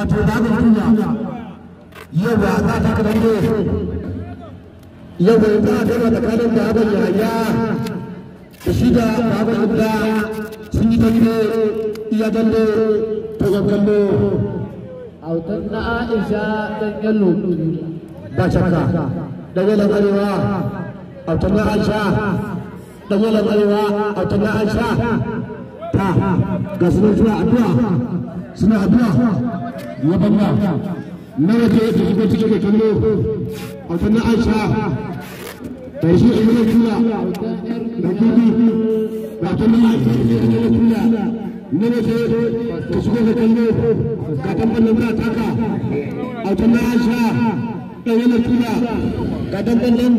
wato babu kunya yawa za ta ka dange yawa za ta gama tsakanin baban yaya da shi da a abda sun yi dange iya dange to ga kallo autan na aisha dan yallo ba shakka da yalan arewa autan na aisha dan yalan arewa autan na aisha ta ga suna zuwa suna na banna na waje da shigo da kallo a sannan aisha shi a yi na kula da kibi da sannan aisha a kula na waje da shigo da kallo ga tambar taka a sannan aisha da yi ga tambar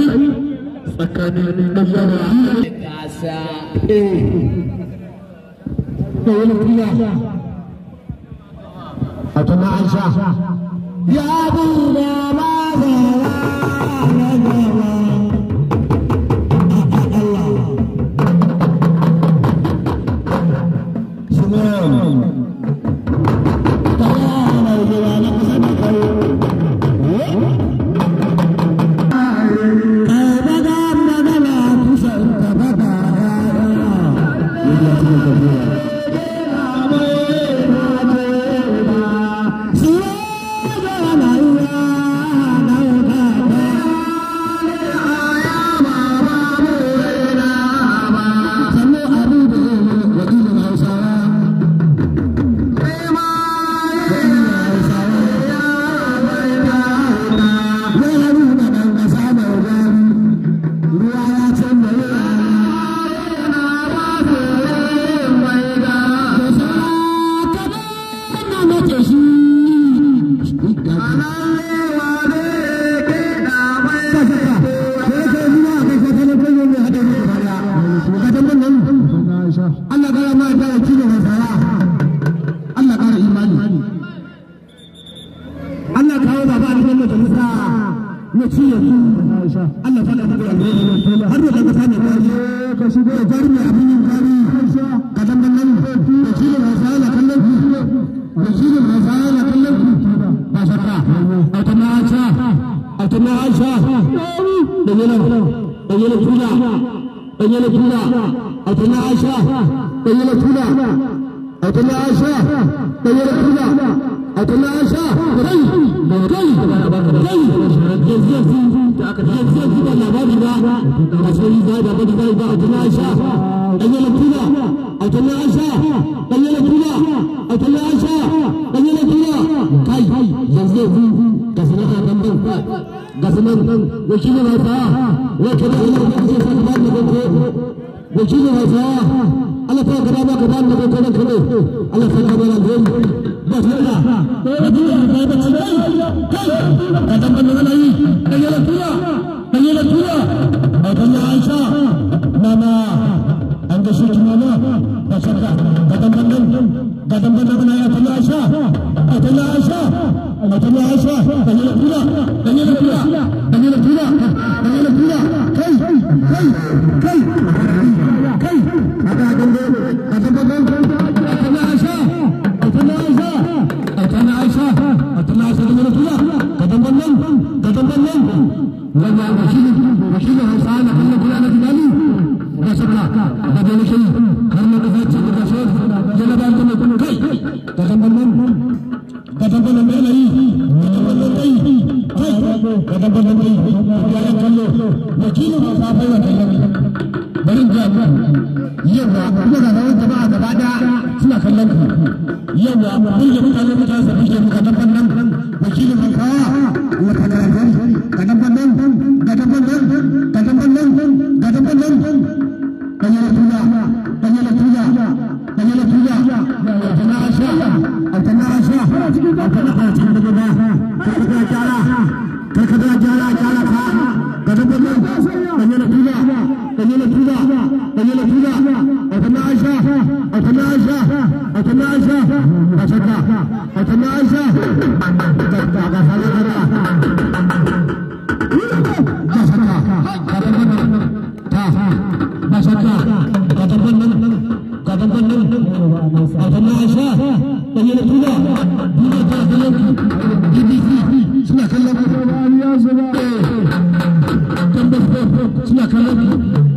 bago سكن المزرعة تعسى إيه. أتمعشى يا الله हर लगता है ना कसीबे जड़ में अपनी इंकारी कदम बंदन बच्ची ने मजाल अकल बच्ची ने मजाल अकल बाजारा अतना आशा अतना आशा दयनों दयनों चुना दयनों चुना अतना आशा दयनों चुना अतना आशा दयनों चुना Abdullahi ya kai kai kai yanzu yanzu ba labari ba a cikin zai ba bari zai ba Abdullahi ya sha dan yana kula Abdullahi ya sha dan yana kula Abdullahi ya sha dan yana kula kai yanzu yanzu ga sanata dan ban ga sanan wakilin hausa wakilin hausa wakilin Allah fa gaba ka Allah Aisha Aisha Aisha Aisha kwamiti wajen kallo wakilin wasa bai a tana a a tana a لفظا تجي لفظا أتناشا أتناشا أتناشا أشكا أتناشا تبقى خلقنا بشكا قدمنا تا بشكا قدمنا قدمنا أتناشا تجي لفظا دينا تاكلك دي بي سي سنة كلمة يا زبا تنبخ سنة كلمة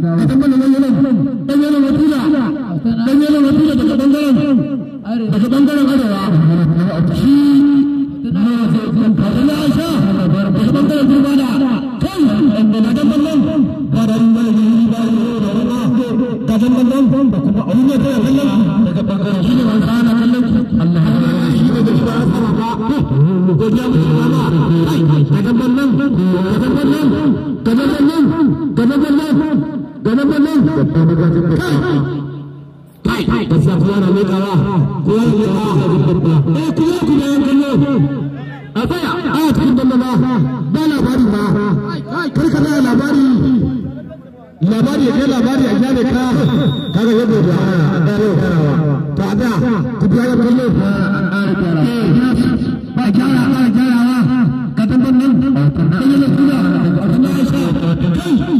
Kasama naman yun. Kanya ng matula. Kanya ng matula. Pagkatanggaran. Pagkatanggaran ano ha? Si Kadala siya. Pagkatanggaran turbada. Kay! Kadang bandang. Kadang bandang. Kadang bandang. Ayun na siya. Kadang. Pagkatanggaran. Sino ang sana kadang. Allah. Sino ang sana kadang. Kaya mo siya mama. Kadang bandang. Kadang bandang. Kadang bandang. Kadang bandang. بس أخوانا مدعوا كل مدعوا إيه كلكم يا أنكلو أبايا آت كنت الله بلا باري ما كل كنا لا باري لا باري يا لا باري يا جاني كا كذا يبغى يا تعبان كبير يا كلو جالا جالا كتبنا من كتبنا من كتبنا من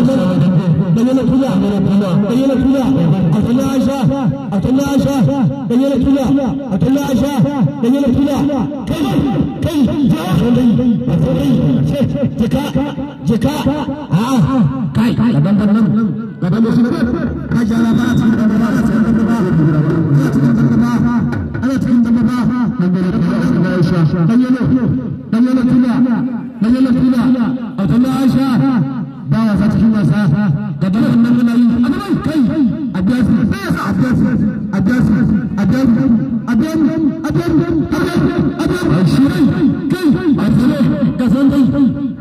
دينا فلا دينا فلا أتلا عشاء أتلا عشاء دينا فلا أتلا عشاء دينا فلا كي كي جاهلي أتلي جكا جكا ها كاي لبن لبن لبن يسمع كجالا بات أنا تكلم دبابة دينا فلا دينا فلا دينا فلا أتلا عشاء masa da dukkan nan muna yi abin kai abiyasi abiyasi abiyasi abiyasi abiyasi abiyasi abiyasi ashirai kai asire ka san dai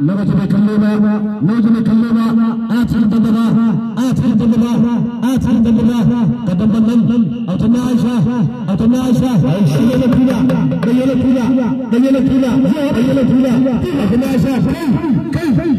na waje mai kallo ba na waje mai kallo ba a cikin dandaba a cikin dandaba a cikin dandaba ka damban nan a tana aisha a tana aisha bayyana tuna bayyana tuna bayyana tuna bayyana tuna a tana aisha kai kai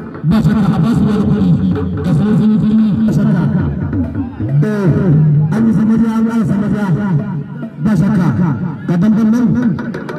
ba shakka a basu wani kuri da sun yi ba shakka eh an yi samariya an ba nan